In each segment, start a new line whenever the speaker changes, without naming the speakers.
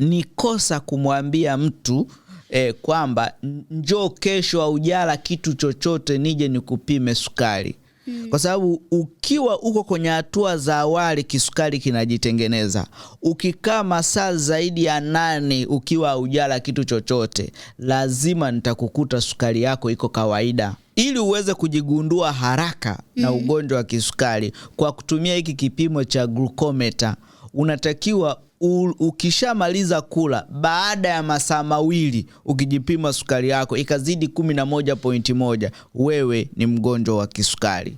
ni kosa kumwambia mtu eh, kwamba njoo kesho aujala kitu chochote nije nikupime sukari hmm. kwa sababu ukiwa uko kwenye hatua za awali, kisukari kinajitengeneza. Ukikaa masaa zaidi ya nane ukiwa ujala kitu chochote, lazima nitakukuta sukari yako iko kawaida. Ili uweze kujigundua haraka na hmm. ugonjwa wa kisukari kwa kutumia hiki kipimo cha glukometa, unatakiwa ukishamaliza kula baada ya masaa mawili ukijipima sukari yako ikazidi kumi na moja pointi moja wewe ni mgonjwa wa kisukari.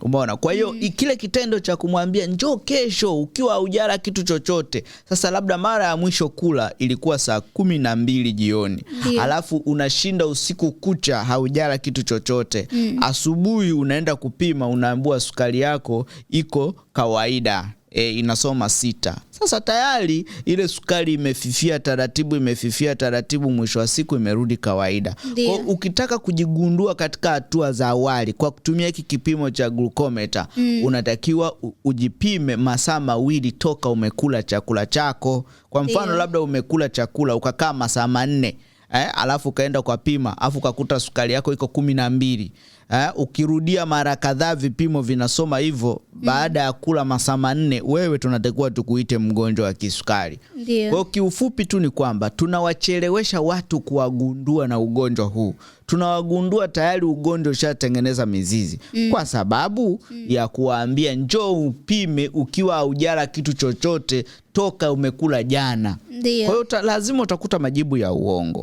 Umeona? Kwa hiyo mm, kile kitendo cha kumwambia njoo kesho ukiwa aujara kitu chochote. Sasa labda mara ya mwisho kula ilikuwa saa kumi na mbili jioni, yeah, alafu unashinda usiku kucha haujara kitu chochote mm, asubuhi unaenda kupima unaambua sukari yako iko kawaida e, inasoma sita. Sasa tayari ile sukari imefifia taratibu, imefifia taratibu, mwisho wa siku imerudi kawaida. Kwa ukitaka kujigundua katika hatua za awali kwa kutumia hiki kipimo cha glukometa mm. unatakiwa ujipime masaa mawili toka umekula chakula chako. Kwa mfano Dio. labda umekula chakula ukakaa masaa manne eh, alafu ukaenda kwa pima alafu ukakuta sukari yako iko kumi na mbili eh, ukirudia mara kadhaa vipimo vinasoma hivyo mm. Baada ya kula masaa manne wewe tunatakiwa tukuite mgonjwa wa kisukari. Kwa hiyo kiufupi tu ni kwamba tunawachelewesha watu kuwagundua na ugonjwa huu, tunawagundua tayari ugonjwa ushatengeneza mizizi mm. Kwa sababu mm. ya kuwaambia njoo upime ukiwa haujala kitu chochote toka umekula jana. Kwa hiyo lazima utakuta majibu ya uongo.